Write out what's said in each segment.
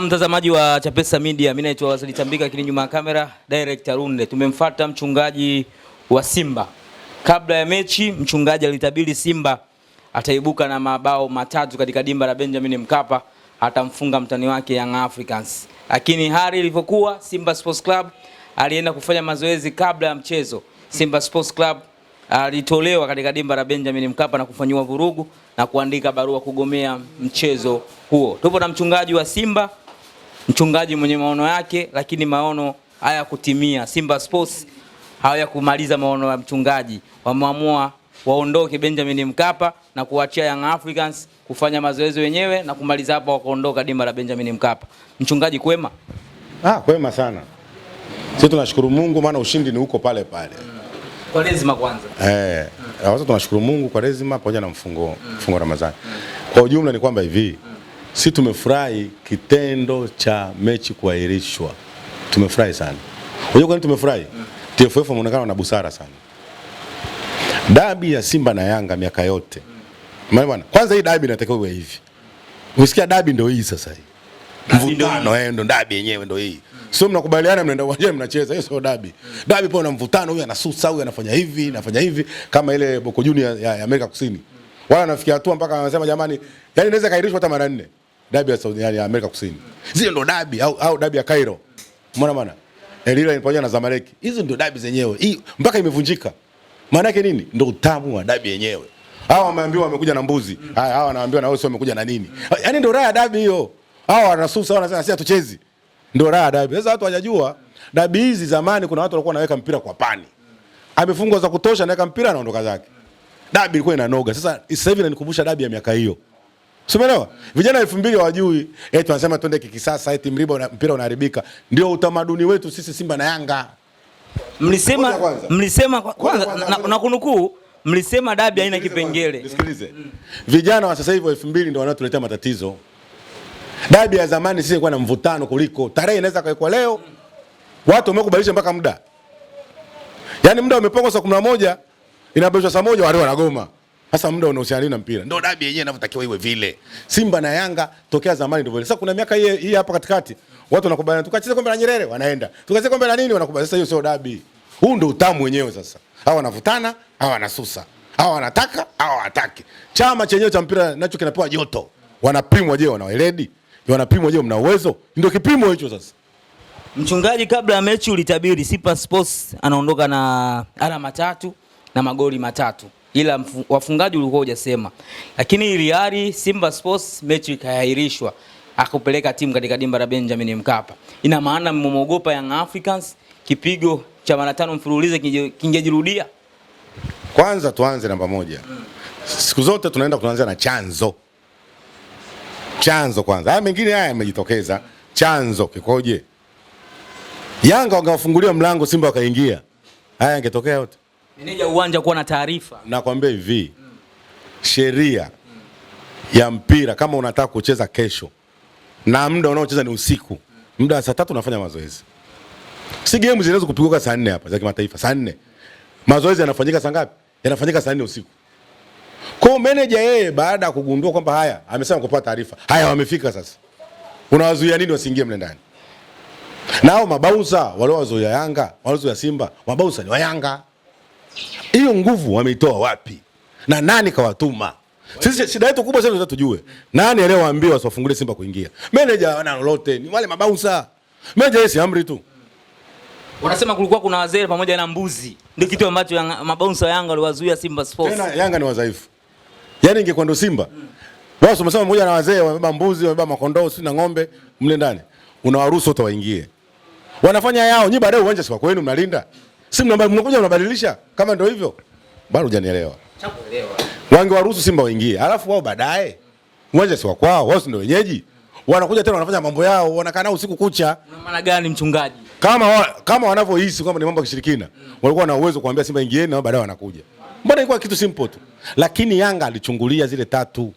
Mtazamaji wa Chapesa Media, mimi naitwa Wazili Tambika, lakini nyuma ya kamera director Runde. Tumemfuata mchungaji wa Simba. Kabla ya mechi, mchungaji alitabiri Simba ataibuka na mabao matatu katika dimba la Benjamin Mkapa, atamfunga mtani wake Young Africans. Lakini hali ilivyokuwa, Simba Sports Club alienda kufanya mazoezi kabla ya mchezo. Simba Sports Club alitolewa katika dimba la Benjamin Mkapa na kufanyiwa vurugu na kuandika barua kugomea mchezo huo. Tupo na mchungaji wa Simba mchungaji mwenye maono yake, lakini maono haya kutimia. Simba Sports hawayakumaliza maono ya mchungaji, wameamua waondoke Benjamin Mkapa na kuachia Young Africans kufanya mazoezi wenyewe na kumaliza hapa, wakaondoka dimba la Benjamin Mkapa. Mchungaji kwema? Ah, kwema sana. Sisi tunashukuru Mungu maana ushindi ni huko pale pale. Kwa lazima kwanza. Eh, mm. Tunashukuru Mungu kwa lazima pamoja na mfungo, mm. mfungo Ramadhani. Mm. Kwa ujumla ni kwamba hivi mm si tumefurahi kitendo cha mechi kuahirishwa, tumefurahi sana. Unajua kwa nini tumefurahi? TFF wameonekana na busara sana. Dabi ya Simba na Yanga miaka yote maana bwana, kwanza hii dabi inatakiwa iwe hivi. Umesikia dabi ndio hii sasa hii mvutano eh, ndio dabi yenyewe ndio hii. Sio mnakubaliana, mnaenda uwanjani mnacheza, hiyo sio dabi. Dabi pao una mvutano, huyu anasusa, huyu anafanya hivi, anafanya hivi kama ile Boko Junior ya, ya Amerika Kusini. Wala nafikia hatua mpaka wanasema jamani, yani inaweza kairishwa hata mara nne dabi ya Saudi ya Amerika Kusini. Zile ndo dabi au, au dabi ya Cairo. Umeona maana? Elila eh, ni pamoja na Zamalek. Hizo ndo dabi zenyewe. Hii mpaka imevunjika. Maana yake nini? Ndio utamu wa dabi yenyewe. Hawa wameambiwa wamekuja na mbuzi. Hawa wanaambiwa na wao sio wamekuja na nini? Yaani ndo raha ya dabi hiyo. Hawa wanasusa wanasema sisi hatuchezi. Ndio raha ya dabi. Sasa watu hawajajua dabi hizi zamani kuna watu walikuwa wanaweka mpira kwa pani. Amefungwa za kutosha anaweka mpira anaondoka zake. Dabi ilikuwa inanoga. Sasa sasa hivi inanikumbusha dabi ya miaka hiyo. Umeelewa? Vijana elfu mbili hawajui. Eh, tunasema twende kikisasa eti mriba mpira unaharibika. Ndio utamaduni wetu sisi Simba na Yanga. Mlisema mlisema kwanza na kunukuu mlisema dabi haina kipengele. Nisikilize. Vijana wa sasa hivi elfu mbili ndio wanaotuletea matatizo. Dabi ya zamani sisi ilikuwa na mvutano kuliko. Tarehe inaweza kawekwa leo. Watu wamekubalisha mpaka muda. Yaani muda umepangwa saa 11 inabadilishwa saa moja wale wanagoma. Sasa muda unahusiana na mpira. Ndio dabi yenyewe inavyotakiwa iwe vile. Simba na Yanga tokea zamani ndio vile. Sasa kuna miaka hii hii hapa katikati watu wanakubaliana tukacheze kombe la Nyerere wanaenda. Tukacheze kombe la nini wanakubaliana. Sasa hiyo sio dabi. Huu ndio utamu wenyewe sasa. Hawa wanavutana, hawa wanasusa. Hawa wanataka, hawa hawataki. Chama chenyewe cha mpira nacho kinapewa joto. Wanapimwa, je, wana weledi? Wanapimwa, je, mna uwezo? Ndio kipimo hicho sasa. Mchungaji, kabla ya mechi ulitabiri Simba Sports anaondoka na alama tatu na magoli matatu ila wafungaji ulikuwa hujasema, lakini iliari Simba Sports mechi ikaahirishwa, akupeleka timu katika dimba la Benjamin Mkapa. Ina maana mmeogopa Young Africans, kipigo cha mara tano mfululizo kingejirudia? Kwanza tuanze namba moja, siku zote tunaenda kuanza na chanzo. Chanzo kwanza, haya mengine haya yamejitokeza. Chanzo kikoje? Yanga wangewafungulia mlango Simba wakaingia, haya yangetokea yote meneja uwanja kuwa na taarifa. Nakwambia hivi mm. sheria mm. ya mpira kama unataka kucheza kesho na muda unaocheza ni usiku mm. muda wa saa tatu unafanya mazoezi, si game zinaweza kupigwa saa nne hapa za kimataifa saa nne. Mazoezi yanafanyika saa ngapi? Yanafanyika saa nne usiku. Kwa meneja yeye baada ya kugundua kwamba haya amesema kupata taarifa. Haya wamefika sasa. Unawazuia nini wasiingie mle ndani? Na hao mabausa waliowazuia Yanga, waliowazuia Simba, mabausa ni wa Yanga hiyo nguvu wameitoa wapi na nani kawatuma? Sisi shida yetu kubwa sana, tujue nani aliyewaambia wasiwafungulie Simba kuingia. Meneja wana lolote, ni wale mabausa. Meneja yeye si amri tu. Wanasema kulikuwa kuna wazee pamoja na mbuzi, Ni kitu ambacho yang, mabausa wa Yanga waliwazuia Simba Sports. Tena Yanga ni wadhaifu, yaani ingekuwa ndo Simba basi hmm. Umesema pamoja na wazee wamebeba mbuzi, wamebeba makondoo, si na ng'ombe mle ndani, unawaruhusu utawaingie, wanafanya yao nyinyi baadaye uwanja si kwa kwenu, mnalinda Simba ambayo mnakuja mnabadilisha kama ndio hivyo. Bado hujanielewa. Chakuelewa. Wange Wangewaruhusu Simba waingie. Alafu wao baadaye uwanja si wa kwao, wao ndio wenyeji. Wanakuja tena wanafanya mambo yao, wanakaa nao usiku kucha. Una maana gani mchungaji? Kama wa, kama wanavyohisi kwamba ni mambo ya kishirikina, mm. walikuwa na uwezo kuambia Simba ingieni na baadaye wanakuja. Mbona ilikuwa kitu simple tu. Lakini Yanga alichungulia zile tatu.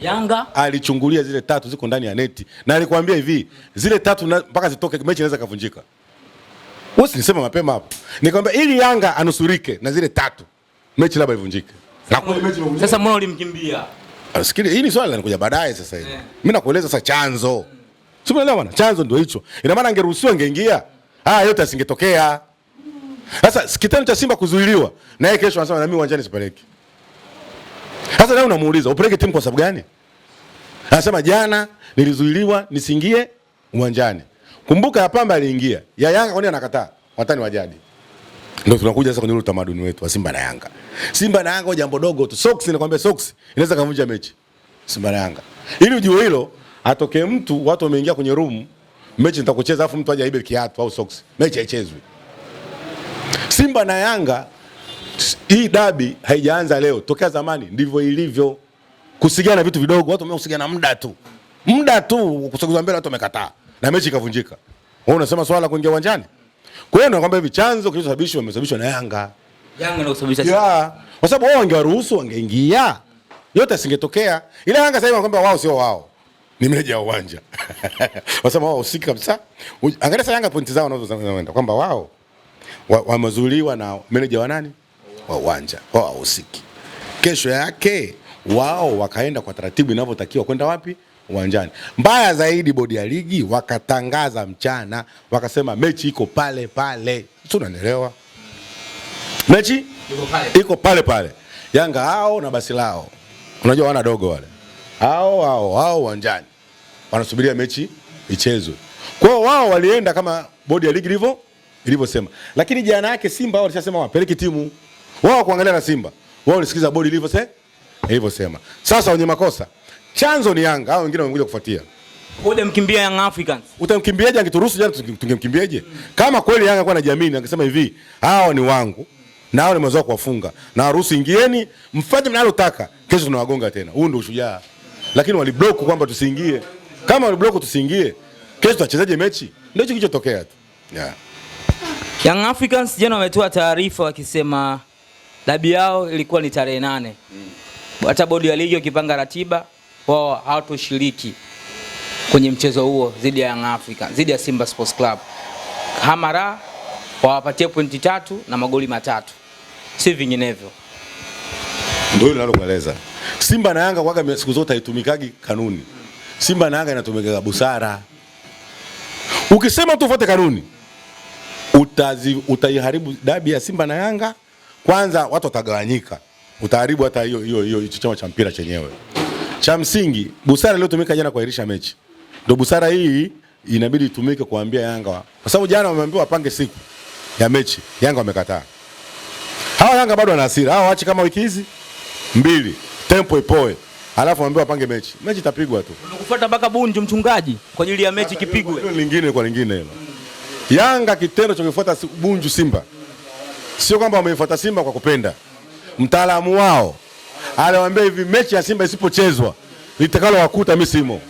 Yanga alichungulia zile tatu ziko ndani ya neti na alikwambia hivi, zile tatu mpaka zitoke mechi inaweza kavunjika. Usi nisema mapema hapo. Nikamwambia ili Yanga anusurike na zile tatu. Mechi labda ivunjike. Na kwa mechi ivunjike. Sasa mbona ulimkimbia? Asikili, ah, hii ni swali la nikuja baadaye sasa hivi. Yeah. Mimi nakueleza sasa chanzo. Mm. Sio unaelewa bwana? Chanzo ndio hicho. Ina maana angeruhusiwa angeingia. Haya ah, yote asingetokea. Sasa kitendo cha Simba kuzuiliwa na yeye kesho anasema na mimi uwanjani sipeleki. Sasa leo unamuuliza upeleke timu kwa sababu gani? Anasema jana nilizuiliwa nisingie uwanjani. Kumbuka ya Pamba aliingia. Ya Yanga kwani anakataa? Watani wa jadi. Ndio tunakuja sasa kwenye ule utamaduni wetu wa Simba na Yanga. Simba na Yanga jambo dogo tu. Socks ninakwambia socks inaweza kuvunja mechi. Simba na Yanga. Ili ujue hilo, atoke mtu watu wameingia kwenye room, mechi nitakucheza afu mtu aje aibe kiatu au socks. Mechi haichezwi. Simba na Yanga hii dabi haijaanza leo, tokea zamani ndivyo ilivyo. Kusigana vitu vidogo, watu wamekusigana muda tu. Muda tu kusogezwa mbele watu wamekataa na mechi ikavunjika. Wewe unasema swala la kuingia uwanjani? Kwa hiyo nakwambia hivi chanzo kilichosababisha kimesababishwa na Yanga. Yanga ndio kusababisha. Ya. Kwa sababu wao wangewaruhusu wangeingia. Yote asingetokea. Ila Yanga sasa wanakwambia wao sio wao. Ni meneja wa uwanja. Wasema wao usiki kabisa. Angalia sasa Yanga pointi zao wanazoenda kwamba wao wamezuliwa wa na meneja wa nani? Wa uwanja. Wao usiki. Kesho yake wao wakaenda kwa taratibu inavyotakiwa kwenda wapi? uwanjani. Mbaya zaidi, bodi ya ligi wakatangaza mchana, wakasema mechi iko pale pale, si unanielewa? Mechi iko pale pale Yanga hao na basi lao, unajua wana dogo wale hao hao hao uwanjani wanasubiria mechi ichezwe. Kwa hiyo wao walienda kama bodi ya ligi ilivyo ilivyosema, lakini jana yake Simba walishasema wapeleke timu wao kuangalia na Simba, wao walisikiza bodi ilivyosema. Sasa wenye makosa chanzo ni Yanga, hao wengine wamekuja kufuatia. Ngoja mkimbia Young Africans? Utamkimbiaje? Angeturuhusu jana tungemkimbiaje? Kama kweli Yanga kwa anajiamini angesema hivi, hawa ni wangu na hao nimeweza kuwafunga na harusi, ingieni mfanye mnalotaka, kesho tunawagonga tena. Huu ndio ushujaa, lakini waliblock kwamba tusiingie. Kama waliblock tusiingie, kesho tutachezaje mechi? Ndio hicho kilichotokea tu yeah. Young Africans jana wametoa taarifa wakisema dabi yao ilikuwa ni tarehe nane, hata bodi ya ligi wakipanga ratiba wao hawatoshiriki kwenye mchezo huo dhidi ya Young Africa, dhidi ya Simba Sports Club. Hamara wawapatie pointi tatu na magoli matatu, si vinginevyo. Ndio nalokueleza. Simba na Yanga kwaga siku zote haitumikagi kanuni. Simba na Yanga inatumikaga busara. Ukisema tufuate kanuni utazi, utaiharibu dabi ya Simba na Yanga. Kwanza watu watagawanyika, utaharibu hata hiyo hiyo hiyo chama cha mpira chenyewe. Cha msingi busara iliyotumika jana kuahirisha mechi ndio busara hii inabidi itumike kuambia Yanga wa, kwa sababu jana wameambiwa wapange siku ya mechi, Yanga wamekataa. Hawa Yanga bado wana hasira, hawa waache kama wiki hizi mbili tempo ipoe, alafu waambiwa wapange mechi. Mechi itapigwa tu, unakufuata mpaka Bunju mchungaji kwa ajili ya mechi kipigwe. Hilo lingine kwa lingine hilo Yanga kitendo cha kufuata Bunju Simba, sio kwamba wamefuata Simba kwa kupenda, mtaalamu wao anawaambia hivi, mechi ya Simba isipochezwa litakalo wakuta mimi simo.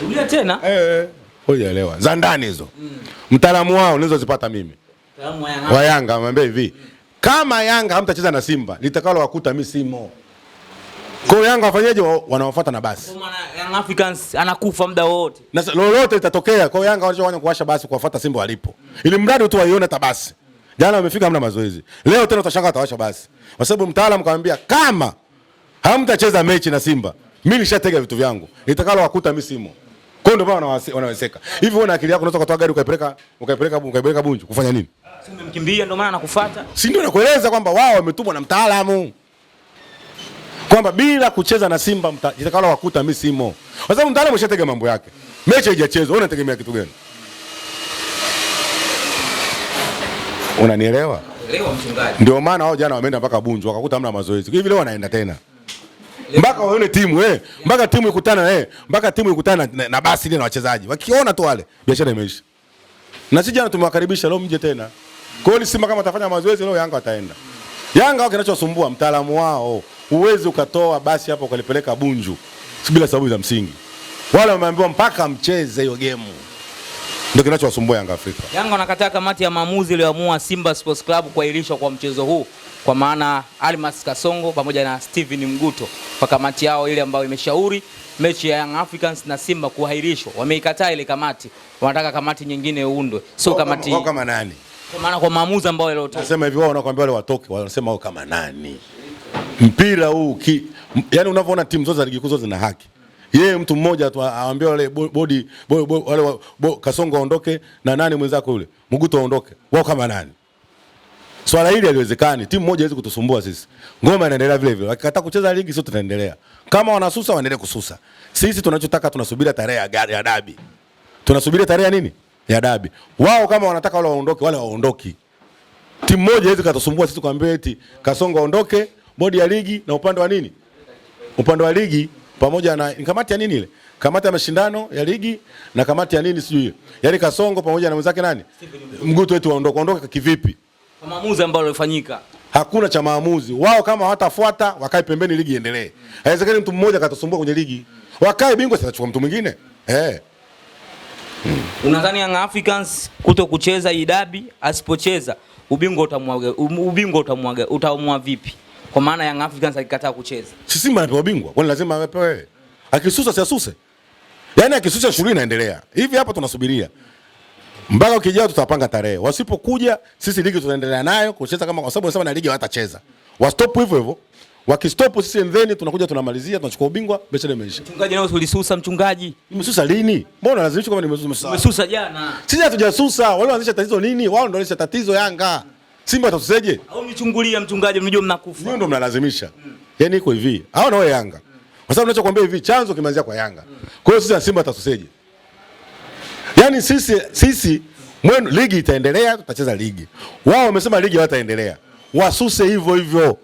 Tulia tena. Eh, eh, hujaelewa za ndani hizo mm. Mtaalamu wao unaweza zipata mimi Mtaalamu wa Yanga anawaambia hivi mm. Kama Yanga hamtacheza na Simba litakalo wakuta mimi simo. Kwa hiyo Yanga wafanyaje? Wanawafuata na basi. Kwa maana Young Africans anakufa muda wote. Na lolote litatokea. Kwa hiyo Yanga wanachofanya kuwasha basi kuwafuata Simba walipo. Mm. Ili mradi tu waione tabasi. Jana wamefika hamna mazoezi. Leo tena utashangaa watawasha basi. Kwa sababu mtaalamu kaambia kama hamtacheza mechi na Simba, mimi nishatega vitu vyangu. Nitakalo wakuta mimi simo. Kwa hiyo ndio maana wanaweseka. Hivi wewe na akili yako unaweza kutoa gari ukaipeleka ukaipeleka ukaipeleka Bunju kufanya nini? Si umemkimbia ndio maana nakufuata. Si ndio nakueleza kwamba wao wametumwa na mtaalamu. Kwamba bila kucheza na Simba mtakalo wakuta mimi simo. Kwa sababu mtaalamu ushatega mambo yake. Mechi haijachezwa, wewe unategemea kitu gani? Unanielewa? Leo mchungaji. Ndio maana wao jana wameenda mpaka Bunju wakakuta hamna mazoezi. Hivi leo wanaenda tena. Mpaka waone timu eh, mpaka timu ikutana eh, mpaka timu ikutana na, na basi ile na wachezaji. Wakiona tu wale, biashara imeisha. Na sisi jana tumewakaribisha leo mje tena. Kwa hiyo Simba kama atafanya mazoezi leo Yanga wataenda. Yanga wao kinachosumbua mtaalamu wao, uwezi ukatoa basi hapo ukalipeleka Bunju bila sababu za msingi. Wale wameambiwa mpaka mcheze hiyo game ndio kinachowasumbua Yanga Afrika. Yanga wanakataa kamati ya maamuzi iliyoamua Simba Sports Club kuahirishwa kwa mchezo huu kwa maana Almas Kasongo pamoja na Steven Mguto kwa kamati yao ile ambayo imeshauri mechi ya Young Africans na Simba kuahirishwa. Wameikataa ile kamati, wanataka kamati nyingine iundwe, sio kamati kama, kama nani? Kwa maana kwa maamuzi ambayo leo tunasema hivi, wao wanakuambia wale watoke, wanasema wao kama nani? Mpira huu ki, yani unavyoona timu zote za ligi kuu zote zina haki yeye mtu mmoja tu aambia wale bodi wale Kasongo aondoke na nani mwenzako yule Mguto aondoke, wao kama nani? Swala hili haliwezekani. Timu moja haiwezi kutusumbua sisi. Ngoma inaendelea vile vile. Wakikataa kucheza ligi sio tunaendelea. Kama wanasusa wanaendelea kususa. Sisi tunachotaka tunasubiri tarehe ya gari ya dabi. tunasubiri tarehe nini? Ya dabi. Wao kama wanataka wale waondoke, wale waondoki. Timu moja haiwezi kutusumbua sisi, kwambie eti Kasongo aondoke, bodi ya ligi na upande wa nini? Upande wa ligi pamoja na kamati ya nini ile, kamati ya mashindano ya ligi na kamati ya nini sijui, hiyo, yaani Kasongo pamoja na mwenzake nani, Mguto wetu waondoka. Waondoka kivipi? Kwa maamuzi ambayo yalifanyika, hakuna cha maamuzi. Wao kama hawatafuata wakae pembeni, ligi iendelee. Haiwezekani mtu mmoja akatusumbua kwenye ligi, wakae bingwa sasa chukua mtu mwingine eh. Hmm. Unadhani Young Africans kuto kucheza idabi asipocheza ubingwa utamwaga, ubingwa utamwaga, utamwaga vipi? Kwa maana Young Africans alikataa kucheza. Si Simba anapewa bingwa, kwani lazima apewe? Akisusa si asuse. Yaani akisusa shughuli inaendelea. Hivi hapa tunasubiria. Mpaka ukijao tutapanga tarehe. Wasipokuja sisi ligi tunaendelea nayo kucheza kama kwa sababu nasema na ligi hawatacheza. Wastop hivyo hivyo. Wakistop sisi and then tunakuja tunamalizia tunachukua ubingwa besha ile imeisha. Mchungaji nao ulisusa mchungaji. Nimesusa lini? Mbona lazimishwa kama nimesusa? Nimesusa jana. Sisi hatujasusa. Wale wanaanzisha tatizo nini? Wao ndio wanaanzisha tatizo Yanga. Simba atatuseje? Au nichungulie mchungaji, mnijua mnakufa. Ninyi ndio mnalazimisha. Mm. Yaani iko hivi. Hao na wao Yanga. Mm. Kwa sababu ninachokuambia hivi chanzo kimeanzia kwa Yanga. Mm. Kwa hiyo sisi Simba atatuseje? Yaani sisi sisi mwenu ligi itaendelea, tutacheza ligi. Wao wamesema ligi hawataendelea. Wasuse hivyo hivyo.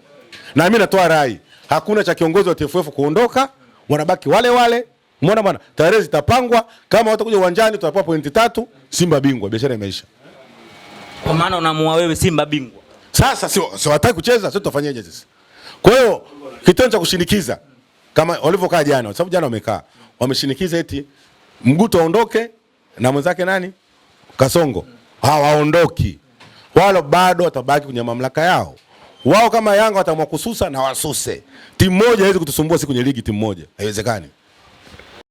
Na mimi natoa rai. Hakuna cha kiongozi wa TFF kuondoka, wanabaki wale wale. Umeona bwana? Tarehe zitapangwa, kama watakuja uwanjani tutapewa pointi tatu, Simba bingwa, biashara imeisha. Kwa maana unamua wewe Simba bingwa. Sasa sio, hataki kucheza, sio tutafanyaje sisi? Kwa hiyo kitendo cha kushinikiza kama walivyokaa jana, sababu jana wamekaa wameshinikiza eti Mguto aondoke na mwenzake nani Kasongo hawaondoki, wala bado watabaki kwenye mamlaka yao. Wao kama Yanga watamwa kususa na wasuse. Timu moja haiwezi kutusumbua, si kwenye ligi timu moja haiwezekani.